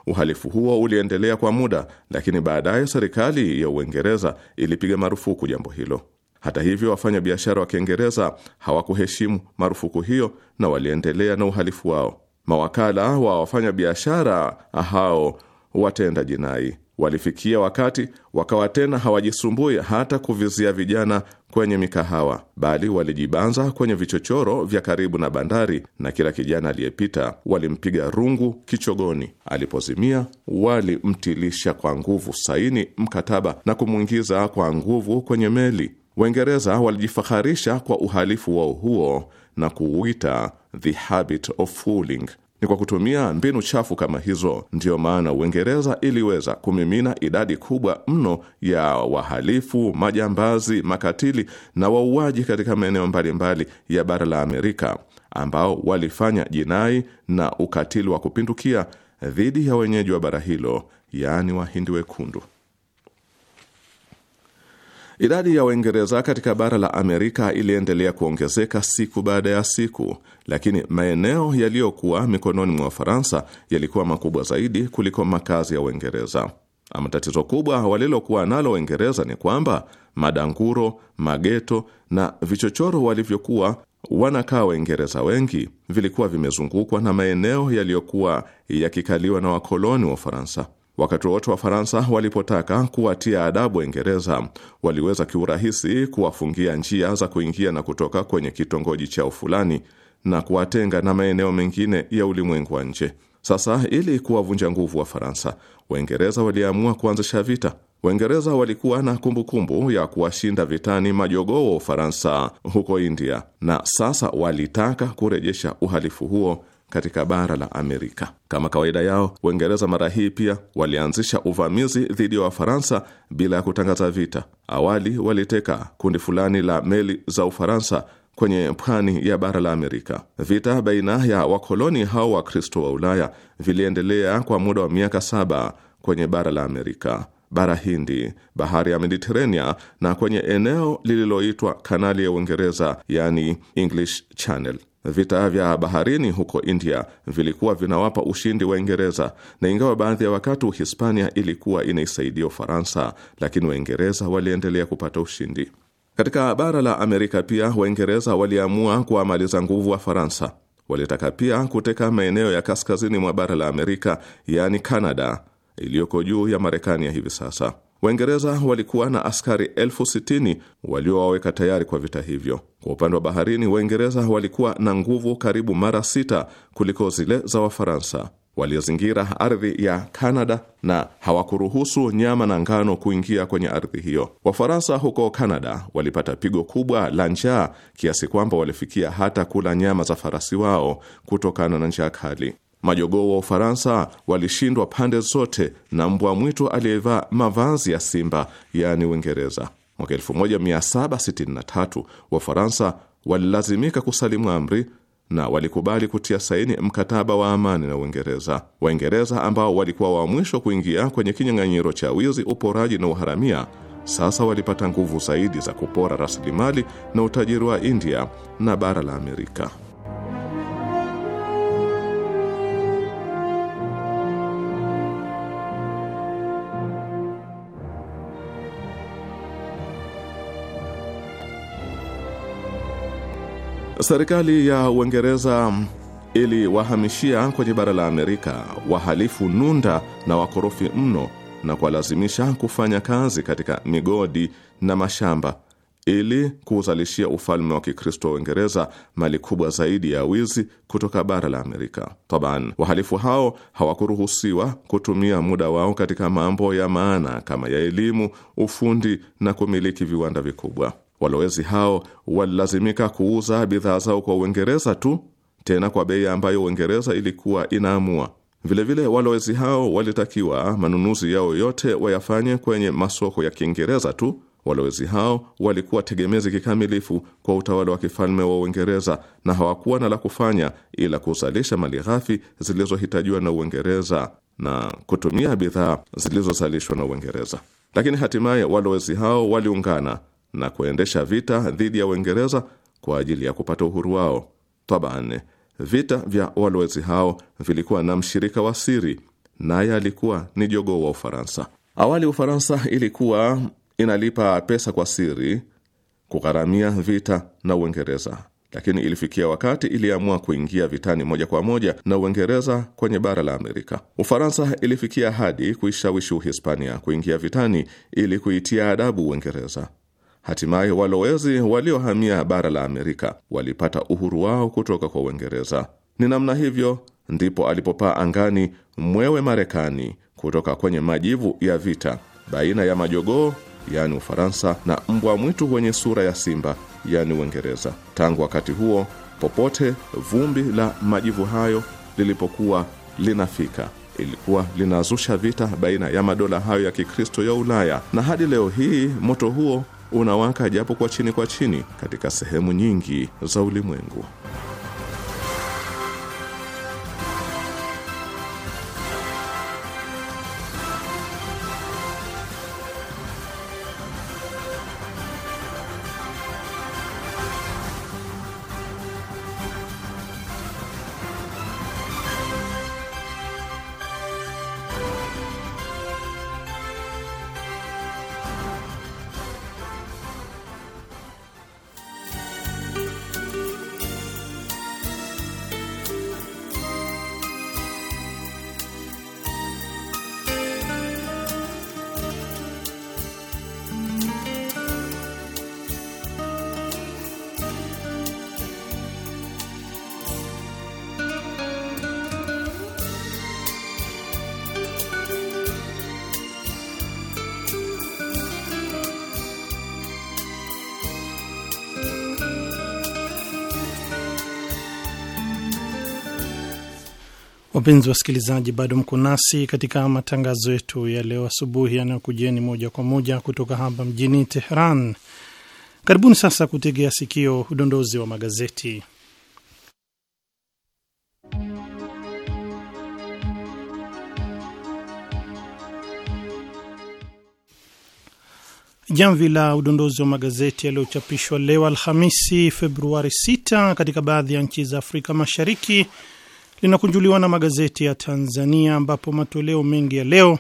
Uhalifu huo uliendelea kwa muda, lakini baadaye serikali ya Uingereza ilipiga marufuku jambo hilo. Hata hivyo, wafanyabiashara wa Kiingereza hawakuheshimu marufuku hiyo na waliendelea na uhalifu wao. Mawakala wa wafanyabiashara hao watenda jinai Walifikia wakati wakawa tena hawajisumbui hata kuvizia vijana kwenye mikahawa, bali walijibanza kwenye vichochoro vya karibu na bandari, na kila kijana aliyepita walimpiga rungu kichogoni. Alipozimia, walimtilisha kwa nguvu saini mkataba na kumwingiza kwa nguvu kwenye meli. Waingereza walijifaharisha kwa uhalifu wao huo na kuuita the habit of fooling, ni kwa kutumia mbinu chafu kama hizo ndiyo maana Uingereza iliweza kumimina idadi kubwa mno ya wahalifu, majambazi, makatili na wauaji katika maeneo mbalimbali ya bara la Amerika ambao walifanya jinai na ukatili wa kupindukia dhidi ya wenyeji wa bara hilo, yaani Wahindi wekundu. Idadi ya Waingereza katika bara la Amerika iliendelea kuongezeka siku baada ya siku, lakini maeneo yaliyokuwa mikononi mwa Wafaransa yalikuwa makubwa zaidi kuliko makazi ya Waingereza. Ama tatizo kubwa walilokuwa nalo Waingereza ni kwamba madanguro, mageto na vichochoro walivyokuwa wanakaa Waingereza wengi vilikuwa vimezungukwa na maeneo yaliyokuwa yakikaliwa na wakoloni wa Ufaransa. Wakati wa Wafaransa walipotaka kuwatia adabu Waingereza, waliweza kiurahisi kuwafungia njia za kuingia na kutoka kwenye kitongoji chao fulani na kuwatenga na maeneo mengine ya ulimwengu wa nje. Sasa, ili kuwavunja nguvu Wafaransa, Waingereza waliamua kuanzisha vita. Waingereza walikuwa na kumbukumbu kumbu ya kuwashinda vitani majogoo wa Ufaransa huko India, na sasa walitaka kurejesha uhalifu huo katika bara la Amerika. Kama kawaida yao, Uingereza mara hii pia walianzisha uvamizi dhidi ya Wafaransa bila ya kutangaza vita. Awali waliteka kundi fulani la meli za Ufaransa kwenye pwani ya bara la Amerika. Vita baina ya wakoloni hao Wakristo wa Ulaya viliendelea kwa muda wa miaka saba kwenye bara la Amerika, bara Hindi, bahari ya Mediterania na kwenye eneo lililoitwa Kanali ya Uingereza, yani English Channel. Vita vya baharini huko India vilikuwa vinawapa ushindi Waingereza, na ingawa baadhi ya wakati Uhispania ilikuwa inaisaidia Ufaransa, lakini Waingereza waliendelea kupata ushindi. Katika bara la Amerika pia Waingereza waliamua kuwamaliza nguvu wa Faransa. Walitaka pia kuteka maeneo ya kaskazini mwa bara la Amerika, yaani canada iliyoko juu ya Marekani ya hivi sasa. Waingereza walikuwa na askari elfu sitini waliowaweka tayari kwa vita hivyo. Kwa upande wa baharini, Waingereza walikuwa na nguvu karibu mara sita kuliko zile za Wafaransa. Waliozingira ardhi ya Kanada na hawakuruhusu nyama na ngano kuingia kwenye ardhi hiyo. Wafaransa huko Kanada walipata pigo kubwa la njaa kiasi kwamba walifikia hata kula nyama za farasi wao kutokana na njaa kali. Majogoo wa Ufaransa walishindwa pande zote na mbwa mwitu aliyevaa mavazi ya simba, yaani Uingereza. Mwaka 1763 Wafaransa walilazimika kusalimu amri na walikubali kutia saini mkataba wa amani na Uingereza. Waingereza ambao walikuwa wa mwisho kuingia kwenye kinyang'anyiro cha wizi, uporaji na uharamia, sasa walipata nguvu zaidi za kupora rasilimali na utajiri wa India na bara la Amerika. Serikali ya Uingereza iliwahamishia kwenye bara la Amerika wahalifu nunda na wakorofi mno na kuwalazimisha kufanya kazi katika migodi na mashamba ili kuuzalishia ufalme wa Kikristo wa Uingereza mali kubwa zaidi ya wizi kutoka bara la Amerika. Taban, wahalifu hao hawakuruhusiwa kutumia muda wao katika mambo ya maana kama ya elimu, ufundi na kumiliki viwanda vikubwa. Walowezi hao walilazimika kuuza bidhaa zao kwa Uingereza tu, tena kwa bei ambayo Uingereza ilikuwa inaamua. Vilevile, walowezi hao walitakiwa manunuzi yao yote wayafanye kwenye masoko ya Kiingereza tu. Walowezi hao walikuwa tegemezi kikamilifu kwa utawala wa kifalme wa Uingereza na hawakuwa na la kufanya ila kuzalisha mali ghafi zilizohitajiwa na Uingereza na kutumia bidhaa zilizozalishwa na Uingereza. Lakini hatimaye walowezi hao waliungana na kuendesha vita dhidi ya Uingereza kwa ajili ya kupata uhuru wao. Taban, vita vya walowezi hao vilikuwa na mshirika wa siri, naye alikuwa ni jogoo wa Ufaransa. Awali Ufaransa ilikuwa inalipa pesa kwa siri kugharamia vita na Uingereza, lakini ilifikia wakati iliamua kuingia vitani moja kwa moja na Uingereza kwenye bara la Amerika. Ufaransa ilifikia hadi kuishawishi Uhispania kuingia vitani ili kuitia adabu Uingereza. Hatimaye walowezi waliohamia bara la Amerika walipata uhuru wao kutoka kwa Uingereza. Ni namna hivyo ndipo alipopaa angani mwewe Marekani kutoka kwenye majivu ya vita baina ya majogoo yaani Ufaransa na mbwa mwitu wenye sura ya simba yaani Uingereza. Tangu wakati huo, popote vumbi la majivu hayo lilipokuwa linafika ilikuwa linazusha vita baina ya madola hayo ya Kikristo ya Ulaya, na hadi leo hii moto huo unawaka japo kwa chini kwa chini katika sehemu nyingi za ulimwengu. Wapenzi wasikilizaji, bado mko nasi katika matangazo yetu ya leo asubuhi yanayokujieni moja kwa moja kutoka hapa mjini Teheran. Karibuni sasa kutegea sikio udondozi wa magazeti. Jamvi la udondozi wa magazeti yaliyochapishwa leo Alhamisi, Februari 6 katika baadhi ya nchi za Afrika Mashariki linakunjuliwa na magazeti ya Tanzania ambapo matoleo mengi ya leo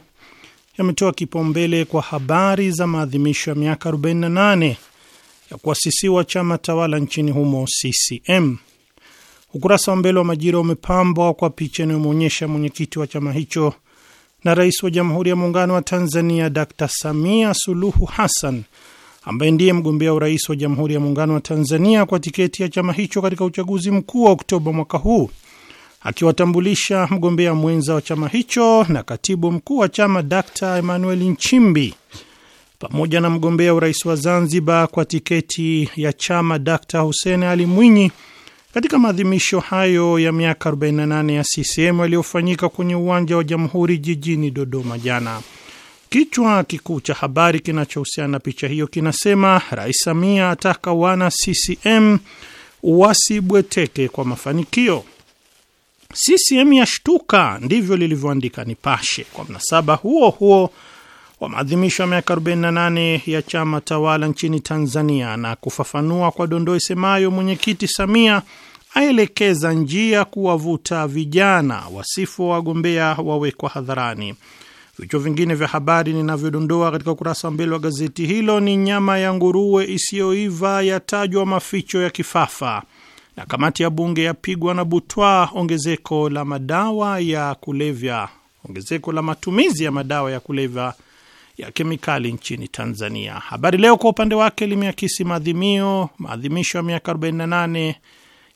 yametoa kipaumbele kwa habari za maadhimisho ya miaka 48 ya kuasisiwa chama tawala nchini humo CCM. Ukurasa wa mbele wa Majira umepambwa kwa picha inayomwonyesha mwenyekiti wa chama hicho na rais wa Jamhuri ya Muungano wa Tanzania d Samia Suluhu Hassan ambaye ndiye mgombea urais wa Jamhuri ya Muungano wa Tanzania kwa tiketi ya chama hicho katika uchaguzi mkuu wa Oktoba mwaka huu akiwatambulisha mgombea mwenza wa chama hicho na katibu mkuu wa chama d Emmanuel Nchimbi pamoja na mgombea urais wa Zanzibar kwa tiketi ya chama d Hussein Ali Mwinyi katika maadhimisho hayo ya miaka 48 ya CCM yaliyofanyika kwenye uwanja wa Jamhuri jijini Dodoma jana. Kichwa kikuu cha habari kinachohusiana na picha hiyo kinasema Rais Samia ataka wana CCM wasibweteke kwa mafanikio. CCM yashtuka, ndivyo lilivyoandika Nipashe kwa mnasaba huo huo wa maadhimisho ya miaka 48 ya chama tawala nchini Tanzania, na kufafanua kwa dondoo isemayo, mwenyekiti Samia aelekeza njia kuwavuta vijana, wasifu wa wagombea wawekwa hadharani. Vichwa vingine vya habari ninavyodondoa katika ukurasa wa mbele wa gazeti hilo ni nyama ya nguruwe isiyoiva yatajwa maficho ya kifafa na kamati ya bunge yapigwa na butwa ongezeko la madawa ya kulevya, ongezeko la matumizi ya madawa ya kulevya ya kemikali nchini Tanzania. Habari Leo kwa upande wake limeakisi maadhimio maadhimisho ya miaka 48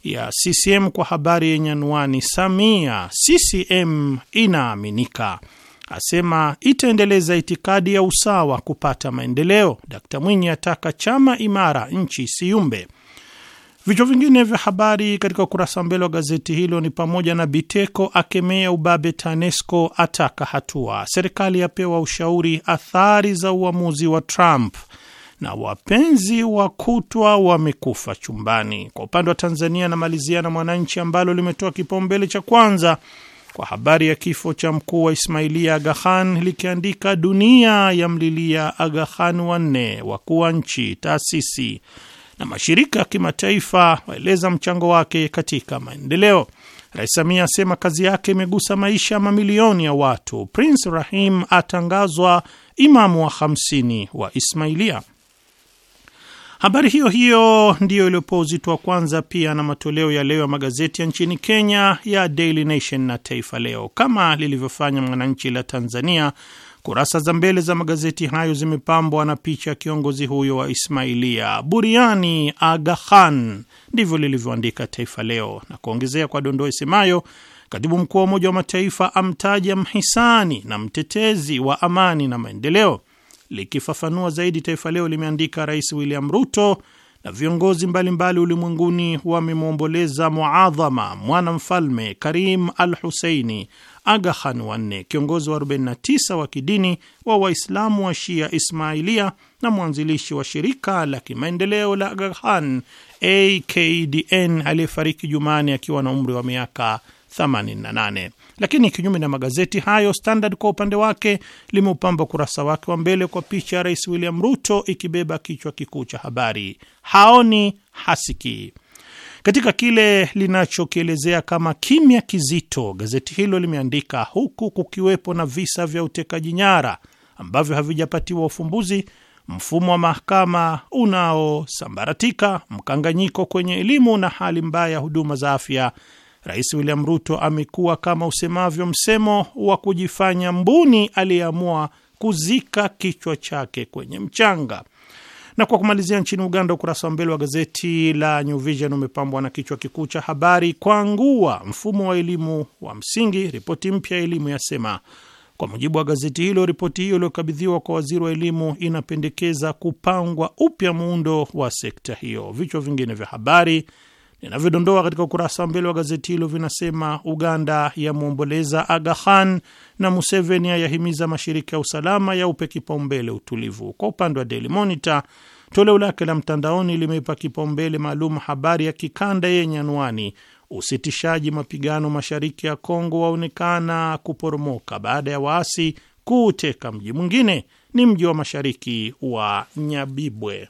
ya CCM kwa habari yenye anwani Samia, CCM inaaminika, asema itaendeleza itikadi ya usawa kupata maendeleo. Dkt Mwinyi ataka chama imara, nchi siumbe. Vichwa vingine vya habari katika ukurasa mbele wa gazeti hilo ni pamoja na Biteko akemea ubabe TANESCO ataka hatua, serikali yapewa ushauri athari za uamuzi wa Trump, na wapenzi wa kutwa wamekufa chumbani. Kwa upande wa Tanzania, namalizia na Mwananchi ambalo limetoa kipaumbele cha kwanza kwa habari ya kifo cha mkuu wa Ismailia Aga Khan likiandika dunia mlilia Aga Khan wanne, wakuu wa nchi, taasisi na mashirika ya kimataifa waeleza mchango wake katika maendeleo. Rais Samia asema kazi yake imegusa maisha ya mamilioni ya watu. Prince Rahim atangazwa imamu wa 50 wa Ismailia. Habari hiyo hiyo ndiyo iliyopo uzito wa kwanza pia na matoleo ya leo ya magazeti ya nchini Kenya ya Daily Nation na Taifa Leo, kama lilivyofanya Mwananchi la Tanzania Kurasa za mbele za magazeti hayo zimepambwa na picha ya kiongozi huyo wa Ismailia, buriani Aga Khan, ndivyo lilivyoandika Taifa Leo na kuongezea kwa dondoo isemayo katibu mkuu wa Umoja wa Mataifa amtaja mhisani na mtetezi wa amani na maendeleo. Likifafanua zaidi, Taifa Leo limeandika Rais William Ruto na viongozi mbalimbali ulimwenguni wamemwomboleza muadhama mwana mfalme Karim al Huseini Aga Khan wa nne, kiongozi wa 49 wa kidini wa Waislamu wa Shia Ismailia na mwanzilishi wa shirika la kimaendeleo la Aga Khan AKDN, aliyefariki Jumani akiwa na umri wa miaka 88. Lakini kinyume na magazeti hayo, Standard kwa upande wake limeupamba ukurasa wake wa mbele kwa picha ya Rais William Ruto ikibeba kichwa kikuu cha habari, haoni hasikii. Katika kile linachokielezea kama kimya kizito, gazeti hilo limeandika huku kukiwepo na visa vya utekaji nyara ambavyo havijapatiwa ufumbuzi, mfumo wa mahakama unaosambaratika, mkanganyiko kwenye elimu na hali mbaya ya huduma za afya, Rais William Ruto amekuwa kama usemavyo msemo wa kujifanya mbuni aliyeamua kuzika kichwa chake kwenye mchanga. Na kwa kumalizia, nchini Uganda, ukurasa wa mbele wa gazeti la New Vision umepambwa na kichwa kikuu cha habari, kwangua mfumo wa elimu wa msingi, ripoti mpya ya elimu yasema. Kwa mujibu wa gazeti hilo, ripoti hiyo iliyokabidhiwa kwa waziri wa elimu inapendekeza kupangwa upya muundo wa sekta hiyo. Vichwa vingine vya habari Ninavyodondoa katika ukurasa wa mbele wa gazeti hilo vinasema: Uganda yamwomboleza Aga Khan na Museveni ayahimiza mashirika ya usalama yaupe kipaumbele utulivu. Kwa upande wa Daily Monitor, toleo lake la mtandaoni limeipa kipaumbele maalum habari ya kikanda yenye anwani usitishaji mapigano mashariki ya Kongo waonekana kuporomoka baada ya waasi kuuteka mji mwingine, ni mji wa mashariki wa Nyabibwe.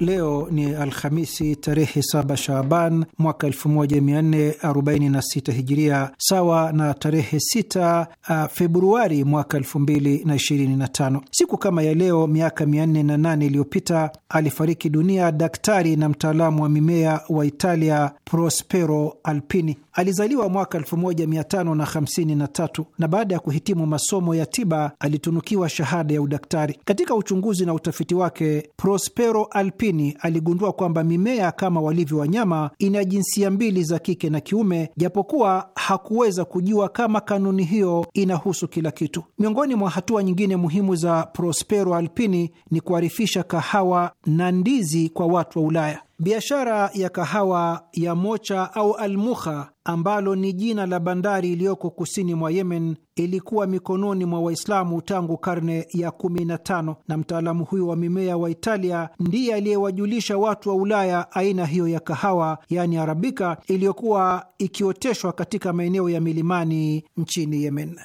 Leo ni Alhamisi tarehe 7 Shaaban mwaka 1446 Hijiria, sawa na tarehe 6 uh, Februari mwaka 2025. Siku kama ya leo miaka 408 iliyopita alifariki dunia daktari na mtaalamu wa mimea wa Italia Prospero Alpini. Alizaliwa mwaka 1553 na baada ya kuhitimu masomo ya tiba alitunukiwa shahada ya udaktari. Katika uchunguzi na utafiti wake, Prospero Alpini aligundua kwamba mimea kama walivyo wanyama ina jinsia mbili za kike na kiume, japokuwa hakuweza kujua kama kanuni hiyo inahusu kila kitu. Miongoni mwa hatua nyingine muhimu za Prospero Alpini ni kuarifisha kahawa na ndizi kwa watu wa Ulaya. Biashara ya kahawa ya Mocha au Almuha, ambalo ni jina la bandari iliyoko kusini mwa Yemen, ilikuwa mikononi mwa Waislamu tangu karne ya 15 na mtaalamu huyo wa mimea wa Italia ndiye aliyewajulisha watu wa Ulaya aina hiyo ya kahawa, yaani arabika, iliyokuwa ikioteshwa katika maeneo ya milimani nchini Yemen.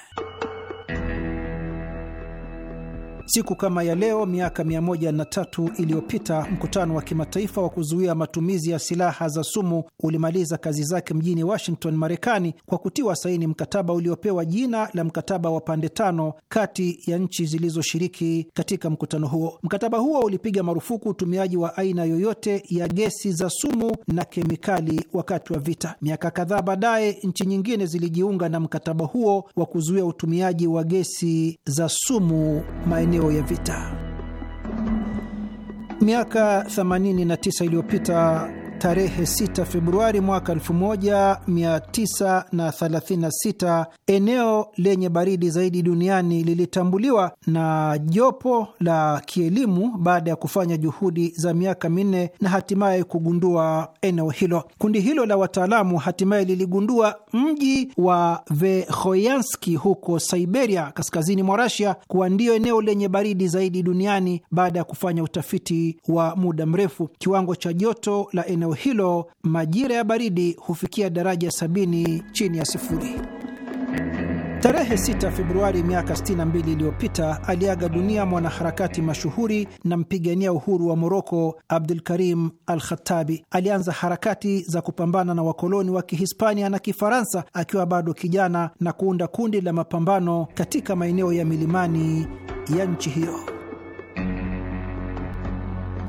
Siku kama ya leo miaka 13 iliyopita mkutano wa kimataifa wa kuzuia matumizi ya silaha za sumu ulimaliza kazi zake mjini Washington, Marekani, kwa kutiwa saini mkataba uliopewa jina la mkataba wa pande tano kati ya nchi zilizoshiriki katika mkutano huo. Mkataba huo ulipiga marufuku utumiaji wa aina yoyote ya gesi za sumu na kemikali wakati wa vita. Miaka kadhaa baadaye, nchi nyingine zilijiunga na mkataba huo wa kuzuia utumiaji wa gesi za sumu maeneo maeneo ya vita. Miaka 89 iliyopita tarehe 6 Februari mwaka 1936 eneo lenye baridi zaidi duniani lilitambuliwa na jopo la kielimu baada ya kufanya juhudi za miaka minne na hatimaye kugundua eneo hilo. Kundi hilo la wataalamu hatimaye liligundua mji wa vehoyanski huko Siberia, kaskazini mwa Rasia, kuwa ndio eneo lenye baridi zaidi duniani baada ya kufanya utafiti wa muda mrefu. Kiwango cha joto la eneo eneo hilo majira ya baridi hufikia daraja sabini chini ya sifuri. Tarehe 6 Februari miaka 62 iliyopita aliaga dunia mwanaharakati mashuhuri na mpigania uhuru wa Moroko, abdulkarim Al Khatabi. Alianza harakati za kupambana na wakoloni wa Kihispania na Kifaransa akiwa bado kijana na kuunda kundi la mapambano katika maeneo ya milimani ya nchi hiyo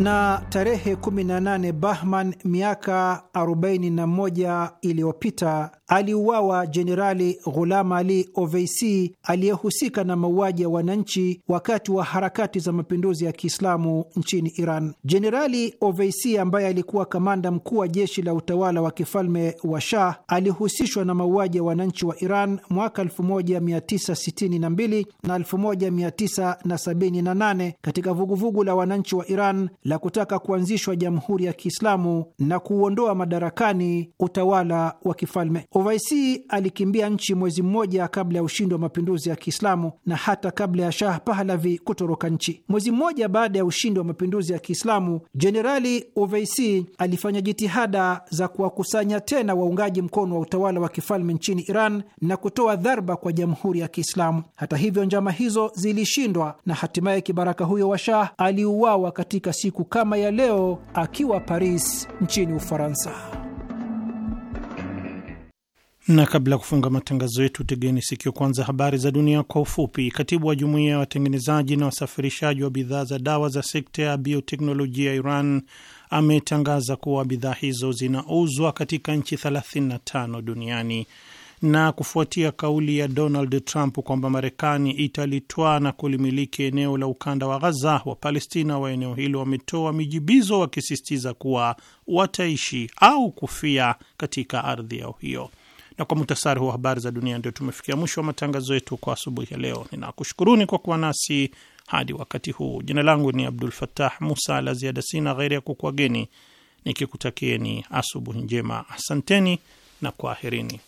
na tarehe 18 Bahman miaka 41 iliyopita aliuawa Jenerali Ghulam Ali Oveisi aliyehusika na mauaji ya wananchi wakati wa harakati za mapinduzi ya Kiislamu nchini Iran. Jenerali Oveisi ambaye alikuwa kamanda mkuu wa jeshi la utawala wa kifalme wa Shah alihusishwa na mauaji ya wananchi wa Iran mwaka 1962 na 1978 katika vuguvugu la wananchi wa Iran la kutaka kuanzishwa jamhuri ya Kiislamu na kuuondoa madarakani utawala wa kifalme. Ovaisi alikimbia nchi mwezi mmoja kabla ya ushindi wa mapinduzi ya Kiislamu na hata kabla ya Shah Pahlavi kutoroka nchi. Mwezi mmoja baada ya ushindi wa mapinduzi ya Kiislamu, Jenerali Ovaisi alifanya jitihada za kuwakusanya tena waungaji mkono wa utawala wa kifalme nchini Iran na kutoa dharba kwa jamhuri ya Kiislamu. Hata hivyo, njama hizo zilishindwa na hatimaye kibaraka huyo wa Shah aliuawa katika siku siku kama ya leo akiwa Paris nchini Ufaransa. Na kabla ya kufunga matangazo yetu, tegeni sikio kwanza habari za dunia kwa ufupi. Katibu wa jumuiya ya watengenezaji na wasafirishaji wa bidhaa za dawa za sekta ya bioteknolojia Iran ametangaza kuwa bidhaa hizo zinauzwa katika nchi 35 duniani na kufuatia kauli ya Donald Trump kwamba Marekani italitwaa na kulimiliki eneo la ukanda wa Ghaza, Wapalestina wa eneo hilo wametoa mijibizo wakisisitiza kuwa wataishi au kufia katika ardhi yao hiyo. Na kwa muhtasari wa habari za dunia, ndio tumefikia mwisho wa matangazo yetu kwa asubuhi ya leo. Ninakushukuruni kwa kuwa nasi hadi wakati huu. Jina langu ni Abdul fatah Musa. La ziada sina ghairi ya kukwageni nikikutakieni asubuhi njema. Asanteni na kwaherini.